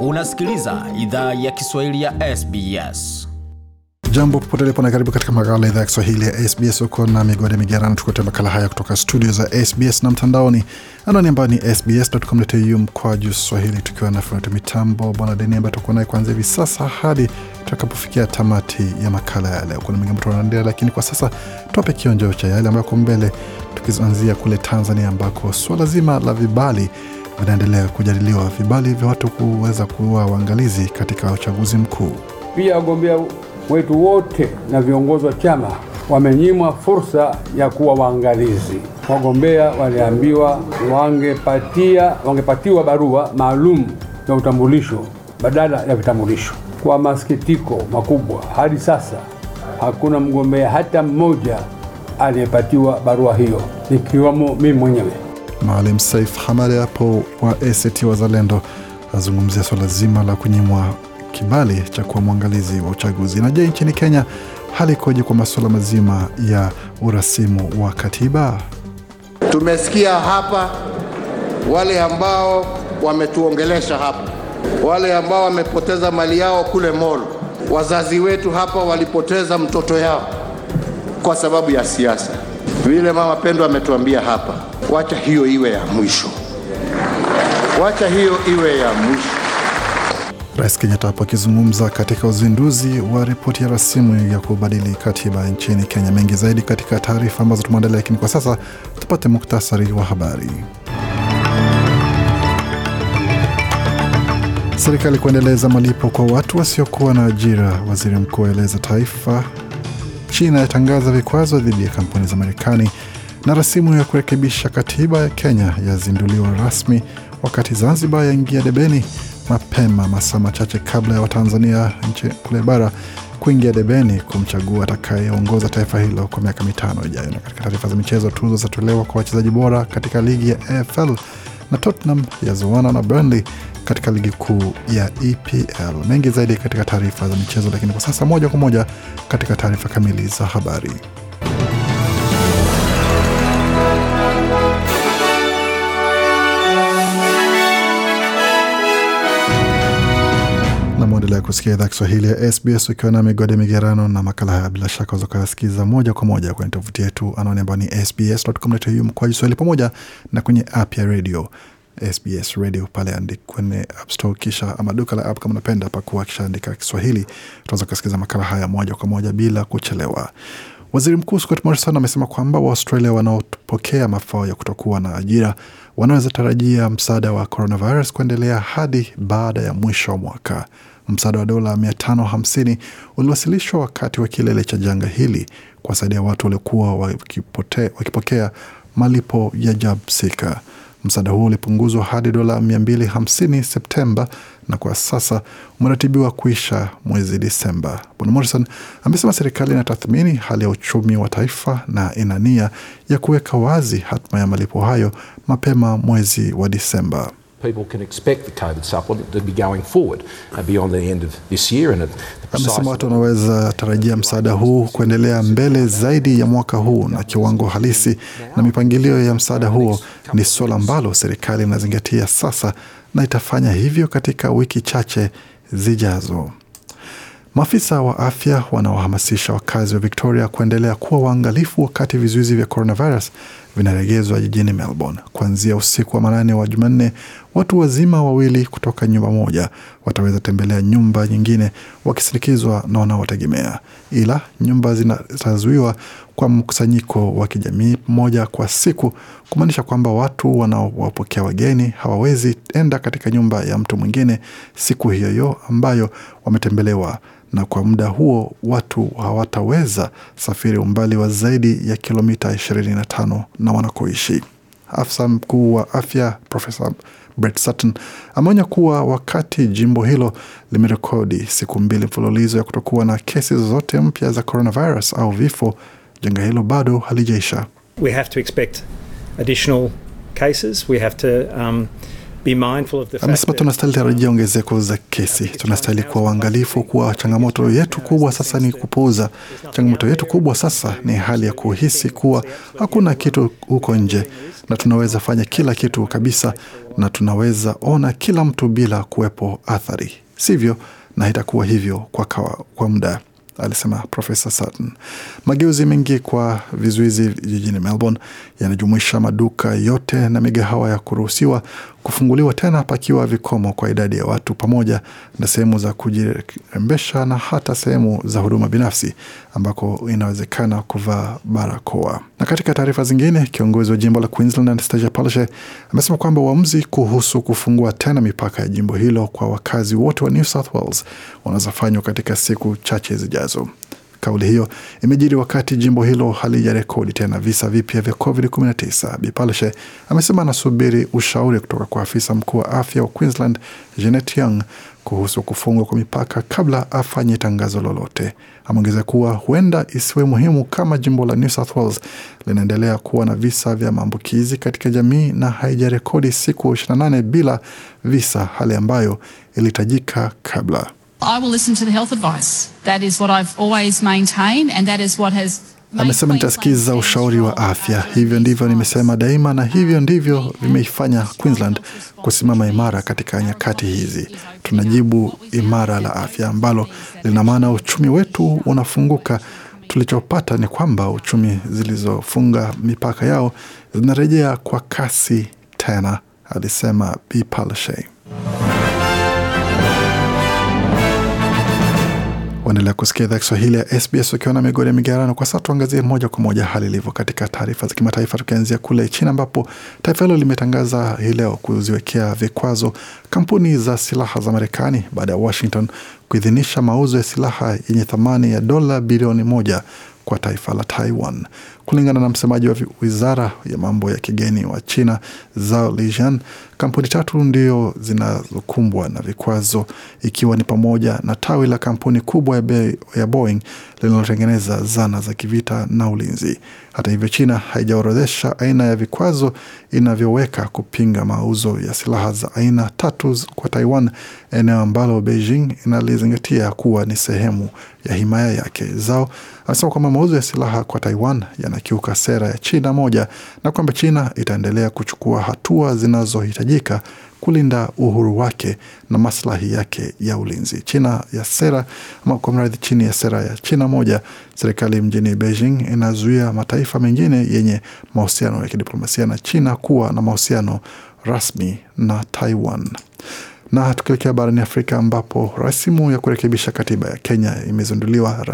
Unasikiliza idhaa ya Kiswahili ya SBS. Jambo popote lipo na karibu katika makala idhaa ya Kiswahili ya SBS. Uko na migode migerano, tukuletea makala haya kutoka studio za SBS na mtandaoni, anwani ambayo ni sbs.com.au juu swahili, tukiwa na fundi mitambo bwana Deni ambaye tutakuwa naye kuanzia hivi sasa hadi tutakapofikia tamati ya makala ya leo. Kuna mengi ambayo tunaendelea, lakini kwa sasa tuwape kionjo cha yale ambayo yako mbele, tukianzia kule Tanzania ambako swala zima la vibali vinaendelea kujadiliwa vibali vya watu kuweza kuwa waangalizi katika uchaguzi mkuu. Pia wagombea wetu wote na viongozi wa chama wamenyimwa fursa ya kuwa waangalizi. Wagombea waliambiwa wangepatia, wangepatiwa barua maalum ya utambulisho badala ya vitambulisho. Kwa masikitiko makubwa, hadi sasa hakuna mgombea hata mmoja aliyepatiwa barua hiyo, nikiwamo mimi mwenyewe. Maalim Saif Hamad hapo wa ACT Wazalendo azungumzia swala zima la kunyimwa kibali cha kuwa mwangalizi wa uchaguzi. Na je, nchini Kenya hali ikoje kwa masuala mazima ya urasimu wa katiba? Tumesikia hapa wale ambao wametuongelesha hapa, wale ambao wamepoteza mali yao kule Molo, wazazi wetu hapa walipoteza mtoto yao kwa sababu ya siasa, vile mama Pendo ametuambia hapa. Wacha hiyo iwe ya mwisho, wacha hiyo iwe ya mwisho. Rais Kenyatta hapo akizungumza katika uzinduzi wa ripoti ya rasimu ya kubadili katiba nchini Kenya. Mengi zaidi katika taarifa ambazo tumeandalia, lakini kwa sasa tupate muktasari wa habari. Serikali kuendeleza malipo kwa watu wasiokuwa na ajira, waziri mkuu aeleza taifa. China yatangaza vikwazo dhidi ya kampuni za Marekani na rasimu ya kurekebisha katiba ya Kenya yazinduliwa rasmi, wakati Zanzibar yaingia debeni mapema masaa machache kabla ya Watanzania nchi kule bara kuingia debeni kumchagua atakayeongoza taifa hilo kwa miaka mitano ijayo. Na katika taarifa za michezo, tuzo zitatolewa kwa wachezaji bora katika ligi ya AFL na Tottenham yazoana na Burnley katika ligi kuu ya EPL. Mengi zaidi katika taarifa za michezo, lakini kwa sasa moja kwa moja katika taarifa kamili za habari. kusikia idhaa Kiswahili ya SBS ukiwa na migode migerano na makala haya, bila shaka uzakayasikiza moja kwa moja kwenye tovuti yetu anaone ambao ni sbs.com.au mkwaju Kiswahili, pamoja na kwenye app ya radio SBS radio pale andi kwenye app store, kisha ama duka la app kama unapenda pakuwa, kisha andika Kiswahili, tunaweza kusikiliza makala haya moja kwa moja bila kuchelewa. Waziri Mkuu Scott Morrison amesema kwamba Waaustralia wanaopokea mafao ya kutokuwa na ajira wanaweza tarajia msaada wa coronavirus kuendelea hadi baada ya mwisho wa mwaka. Msaada wa dola 550 uliwasilishwa wakati wa kilele cha janga hili kuwasaidia watu waliokuwa wakipokea malipo ya JABSIKA. Msaada huo ulipunguzwa hadi dola 250 Septemba na kwa sasa umeratibiwa kuisha mwezi Disemba. Bwana Morrison amesema serikali inatathmini hali ya uchumi wa taifa na ina nia ya kuweka wazi hatma ya malipo hayo mapema mwezi wa Disemba people can expect the COVID supplement to be going forward uh, beyond the end of this year. And amesema watu wanaweza tarajia msaada huu kuendelea mbele zaidi ya mwaka huu na kiwango halisi na mipangilio ya msaada huo ni suala ambalo serikali inazingatia sasa na itafanya hivyo katika wiki chache zijazo. Maafisa wa afya wanawahamasisha wakazi wa Victoria kuendelea kuwa waangalifu wakati vizuizi vya coronavirus vinaregezwa jijini Melbourne kuanzia usiku wa manane wa Jumanne. Watu wazima wawili kutoka nyumba moja wataweza tembelea nyumba nyingine wakisindikizwa na wanaotegemea, ila nyumba zinazuiwa kwa mkusanyiko wa kijamii moja kwa siku, kumaanisha kwamba watu wanaowapokea wageni hawawezi enda katika nyumba ya mtu mwingine siku hiyo hiyo ambayo wametembelewa na kwa muda huo watu hawataweza safiri umbali wa zaidi ya kilomita 25 na wanakoishi. Afisa mkuu wa afya Profesa Brett Sutton ameonya kuwa wakati jimbo hilo limerekodi siku mbili mfululizo ya kutokuwa na kesi zozote mpya za coronavirus au vifo, janga hilo bado halijaisha. We have to expect additional cases. We have to, um, Amesema tunastahili tarajia ongezeko za kesi, tunastahili kuwa uangalifu kuwa changamoto yetu kubwa sasa ni kupuuza. Changamoto yetu kubwa sasa ni hali ya kuhisi kuwa hakuna kitu huko nje na tunaweza fanya kila kitu kabisa, na tunaweza ona kila mtu bila kuwepo athari, sivyo? Na itakuwa hivyo kwa, kawa, kwa muda Alisema Profesa Sutton. Mageuzi mengi kwa vizuizi jijini Melbourne yanajumuisha maduka yote na migahawa ya kuruhusiwa kufunguliwa tena pakiwa vikomo kwa idadi ya watu pamoja na sehemu za kujirembesha na hata sehemu za huduma binafsi ambako inawezekana kuvaa barakoa. Na katika taarifa zingine, kiongozi wa jimbo la Queensland Anastasia Palaszczuk amesema kwamba uamuzi kuhusu kufungua tena mipaka ya jimbo hilo kwa wakazi wote wa New South Wales katika siku chache zijazo. Kauli hiyo imejiri wakati jimbo hilo halijarekodi tena visa vipya vya COVID-19. Bipalshe amesema anasubiri ushauri kutoka kwa afisa mkuu wa afya wa Queensland Janet Young kuhusu kufungwa kwa mipaka kabla afanye tangazo lolote. Ameongeza kuwa huenda isiwe muhimu kama jimbo la New South Wales linaendelea kuwa na visa vya maambukizi katika jamii na haijarekodi siku 28 bila visa, hali ambayo ilihitajika kabla. Amesema nitasikiza ushauri wa afya. Hivyo ndivyo nimesema daima, na hivyo ndivyo vimeifanya Queensland kusimama imara katika nyakati hizi. Tunajibu imara la afya, ambalo lina maana uchumi wetu unafunguka. Tulichopata ni kwamba uchumi zilizofunga mipaka yao zinarejea kwa kasi tena, alisema Bi Waendelea kusikia idhaa Kiswahili ya SBS ukiwa na migodi ya migarano. Kwa sasa tuangazie moja kwa moja hali ilivyo katika taarifa za kimataifa, tukianzia kule China ambapo taifa hilo limetangaza hii leo kuziwekea vikwazo kampuni za silaha za Marekani baada ya Washington kuidhinisha mauzo ya silaha yenye thamani ya dola bilioni moja kwa taifa la Taiwan. Kulingana na msemaji wa wizara ya mambo ya kigeni wa China Zhao Lijian, kampuni tatu ndio zinazokumbwa na vikwazo, ikiwa ni pamoja na tawi la kampuni kubwa ya, ya Boeing linalotengeneza zana za kivita na ulinzi. Hata hivyo, China haijaorodhesha aina ya vikwazo inavyoweka kupinga mauzo ya silaha za aina tatu kwa Taiwan, eneo ambalo Beijing inalizingatia kuwa ni sehemu ya himaya yake. Zao amesema kwamba mauzo ya silaha kwa Taiwan yana kiuka sera ya China moja na kwamba China itaendelea kuchukua hatua zinazohitajika kulinda uhuru wake na maslahi yake ya ulinzi. China ya sera ama kwa mradhi, chini ya sera ya China moja, serikali mjini Beijing inazuia mataifa mengine yenye mahusiano ya kidiplomasia na China kuwa na mahusiano rasmi na Taiwan. Na tukielekea barani Afrika ambapo rasimu ya kurekebisha katiba ya Kenya imezinduliwa,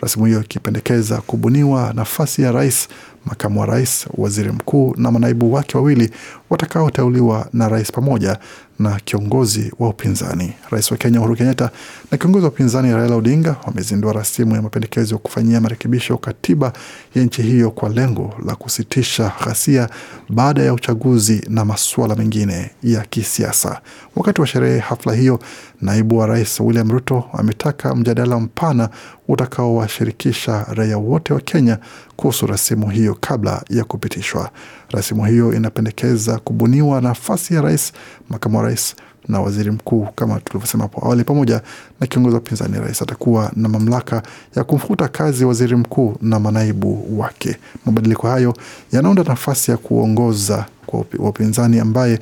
rasimu hiyo ikipendekeza kubuniwa nafasi ya rais makamu wa rais, waziri mkuu na manaibu wake wawili watakaoteuliwa na rais pamoja na kiongozi wa upinzani. Rais wa Kenya Uhuru Kenyatta na kiongozi wa upinzani Raila Odinga wamezindua rasimu ya mapendekezo ya kufanyia marekebisho katiba ya nchi hiyo kwa lengo la kusitisha ghasia baada ya uchaguzi na masuala mengine ya kisiasa. Wakati wa sherehe hafla hiyo, naibu wa rais William Ruto ametaka mjadala mpana utakaowashirikisha raia wote wa Kenya kuhusu rasimu hiyo kabla ya kupitishwa. Rasimu hiyo inapendekeza kubuniwa nafasi ya rais, makamu wa rais na waziri mkuu kama tulivyosema hapo awali, pamoja na kiongozi wa upinzani. Rais atakuwa na mamlaka ya kumfuta kazi waziri mkuu na manaibu wake. Mabadiliko hayo yanaunda nafasi ya kuongoza kwa upinzani ambaye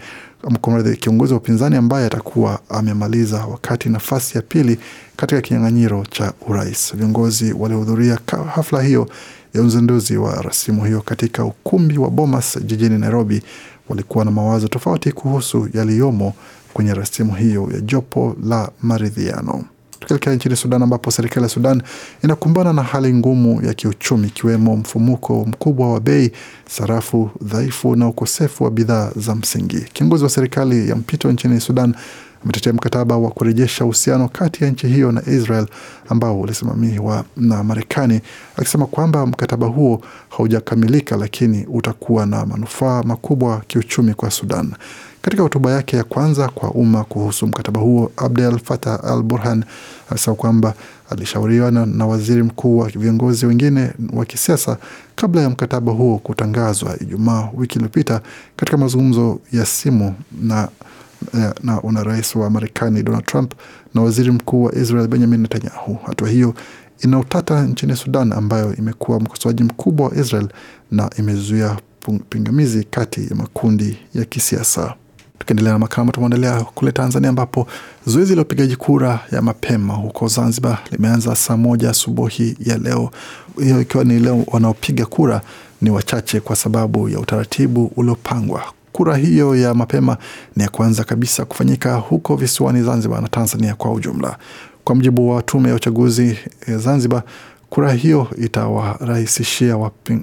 kiongozi wa upinzani ambaye atakuwa amemaliza wakati nafasi ya pili katika kinyang'anyiro cha urais. Viongozi walihudhuria hafla hiyo ya uzinduzi wa rasimu hiyo katika ukumbi wa Bomas jijini Nairobi walikuwa na mawazo tofauti kuhusu yaliyomo kwenye rasimu hiyo ya jopo la maridhiano. Tukielekea nchini Sudan, ambapo serikali ya Sudan inakumbana na hali ngumu ya kiuchumi, ikiwemo mfumuko mkubwa wa bei, sarafu dhaifu na ukosefu wa bidhaa za msingi. Kiongozi wa serikali ya mpito nchini Sudan umetetea mkataba wa kurejesha uhusiano kati ya nchi hiyo na Israel ambao ulisimamiwa na Marekani, akisema kwamba mkataba huo haujakamilika, lakini utakuwa na manufaa makubwa kiuchumi kwa Sudan. Katika hotuba yake ya kwanza kwa umma kuhusu mkataba huo, Abdel Fatah Al Burhan alisema kwamba alishauriana na waziri mkuu wa viongozi wengine wa kisiasa kabla ya mkataba huo kutangazwa Ijumaa wiki iliyopita katika mazungumzo ya simu na Eh, na una rais wa Marekani Donald Trump na waziri mkuu wa Israel Benjamin Netanyahu. Hatua hiyo ina utata nchini Sudan, ambayo imekuwa mkosoaji mkubwa wa Israel na imezuia pingamizi kati ya makundi ya kisiasa. Tukiendelea na makala tumeandalia kule Tanzania, ambapo zoezi la upigaji kura ya mapema huko Zanzibar limeanza saa moja asubuhi ya leo, hiyo ikiwa ni leo wanaopiga kura ni wachache kwa sababu ya utaratibu uliopangwa. Kura hiyo ya mapema ni ya kwanza kabisa kufanyika huko visiwani Zanzibar na Tanzania kwa ujumla. Kwa mujibu wa tume ya uchaguzi eh, Zanzibar, kura hiyo itawarahisishia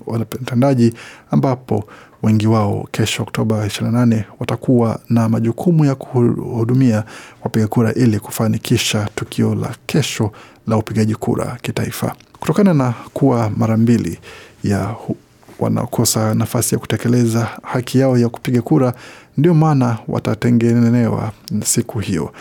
watendaji, ambapo wengi wao kesho Oktoba 28 watakuwa na majukumu ya kuhudumia wapiga kura ili kufanikisha tukio la kesho la upigaji kura kitaifa. Kutokana na kuwa mara mbili ya wanakosa nafasi ya kutekeleza haki yao ya kupiga kura, ndio maana watatengenewa siku hiyo.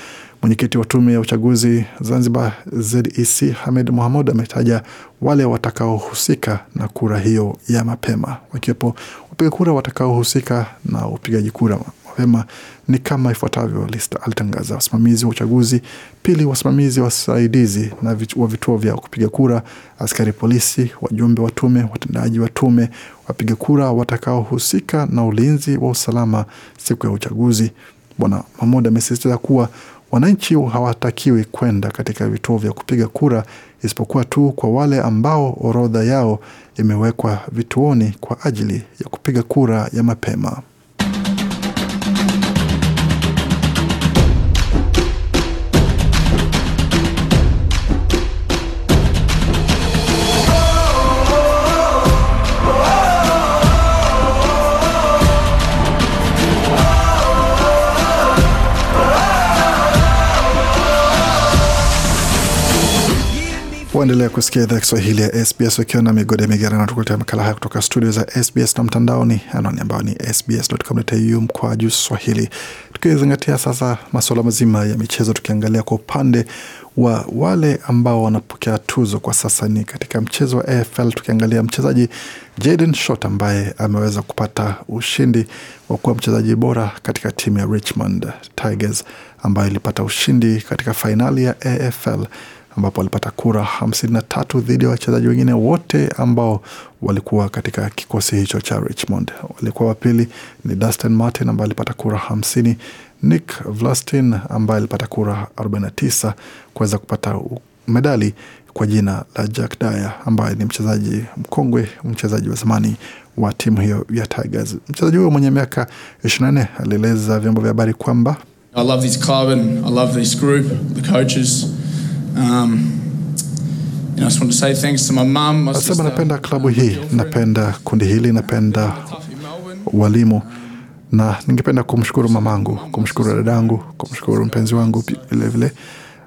Mwenyekiti wa tume ya uchaguzi Zanzibar, ZEC, Hamed Mohamud ametaja wale watakaohusika na kura hiyo ya mapema, wakiwepo wapiga kura watakaohusika na upigaji kura mapema ni kama ifuatavyo, alitangaza: wasimamizi wa uchaguzi; pili, wasimamizi wasaidizi na wa vituo vya kupiga kura, askari polisi, wajumbe wa tume, watendaji wa tume, wapiga kura watakaohusika na ulinzi wa usalama siku ya uchaguzi. Bwana Mahmud amesisitiza kuwa wananchi hawatakiwi kwenda katika vituo vya kupiga kura isipokuwa tu kwa wale ambao orodha yao imewekwa vituoni kwa ajili ya kupiga kura ya mapema. Waendelea kusikia idhaa Kiswahili ya SBS ukiwa na migode migerano, tukuletea makala haya kutoka studio za SBS na mtandaoni, anwani ambayo ni sbs.com.au mkwa juu Swahili, tukizingatia sasa masuala mazima ya michezo, tukiangalia kwa upande wa wale ambao wanapokea tuzo kwa sasa ni katika mchezo wa AFL, tukiangalia mchezaji Jaden Shot ambaye ameweza kupata ushindi wa kuwa mchezaji bora katika timu ya Richmond Tigers ambayo ilipata ushindi katika fainali ya AFL ambapo alipata kura 53 dhidi ya wachezaji wengine wote ambao walikuwa katika kikosi hicho cha Richmond. Walikuwa wa pili ni Dustin Martin ambaye alipata kura 50, Nick Vlastin ambaye alipata kura 49 kuweza kupata medali kwa jina la Jack Dyer ambaye ni mchezaji mkongwe, mchezaji wa zamani wa timu hiyo ya Tigers. Mchezaji huyo mwenye miaka 24 alieleza vyombo vya habari kwamba I love this club and I love this group, the coaches Um, Nasema napenda uh, klabu hii, napenda kundi hili, uh, napenda walimu na ningependa kumshukuru mamangu, kumshukuru dadangu, kumshukuru mpenzi wangu vilevile.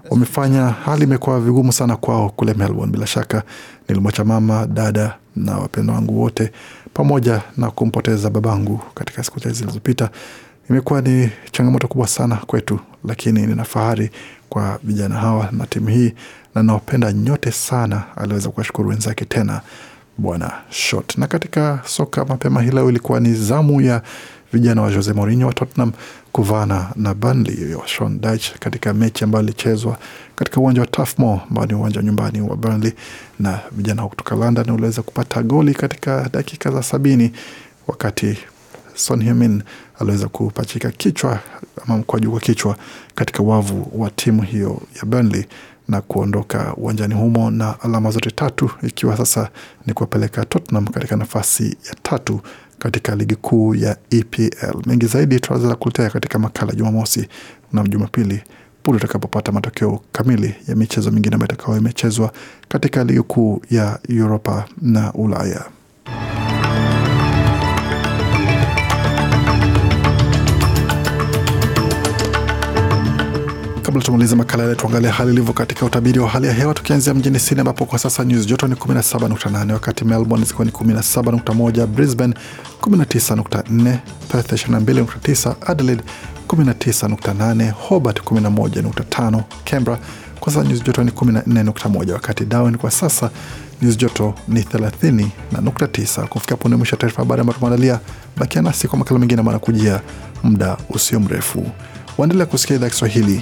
Wamefanya hali imekuwa vigumu sana kwao kule Melbourne. Bila shaka nilimwacha mama, dada na wapendwa wangu wote, pamoja na kumpoteza babangu katika siku chache zilizopita. Imekuwa ni changamoto kubwa sana kwetu, lakini nina fahari kwa vijana hawa na timu hii, na nawapenda nyote sana. Aliweza kuwashukuru wenzake tena Bwana Shot. Na katika soka mapema hii leo ilikuwa ni zamu ya vijana wa Jose Mourinho wa Tottenham kuvana na Burnley wa Sean Dyche katika mechi ambayo ilichezwa katika uwanja wa Turf Moor ambao ni uwanja wa nyumbani wa Burnley, na vijana kutoka London waliweza kupata goli katika dakika za sabini wakati Son Heung-min aliweza kupachika kichwa ama mkwaju kwa kichwa katika wavu wa timu hiyo ya Burnley na kuondoka uwanjani humo na alama zote tatu, ikiwa sasa ni kuwapeleka Tottenham katika nafasi ya tatu katika ligi kuu ya EPL. Mengi zaidi tunaweza kuletea katika makala Jumamosi na Jumapili punde utakapopata matokeo kamili ya michezo mingine ambayo itakawa imechezwa katika ligi kuu ya Uropa na Ulaya. Kabla tumalize makala yale, tuangalia hali ilivyo katika utabiri wa hali ya hewa, tukianzia mjini Sydney ambapo kwa sasa nyuzi joto ni 17.8, wakati Melbourne zikiwa ni 17.1, Brisbane 19.4, Perth 22.9, Adelaide 19.8, Hobart 11.5, Canberra kwa sasa nyuzi joto ni 14.1, wakati Darwin kwa sasa nyuzi joto ni 30.9. Kufika punde mwisho ya taarifa habari ambayo tumeandalia, bakia nasi kwa makala mengine manakujia muda usio mrefu. Waendelea kusikia idhaa Kiswahili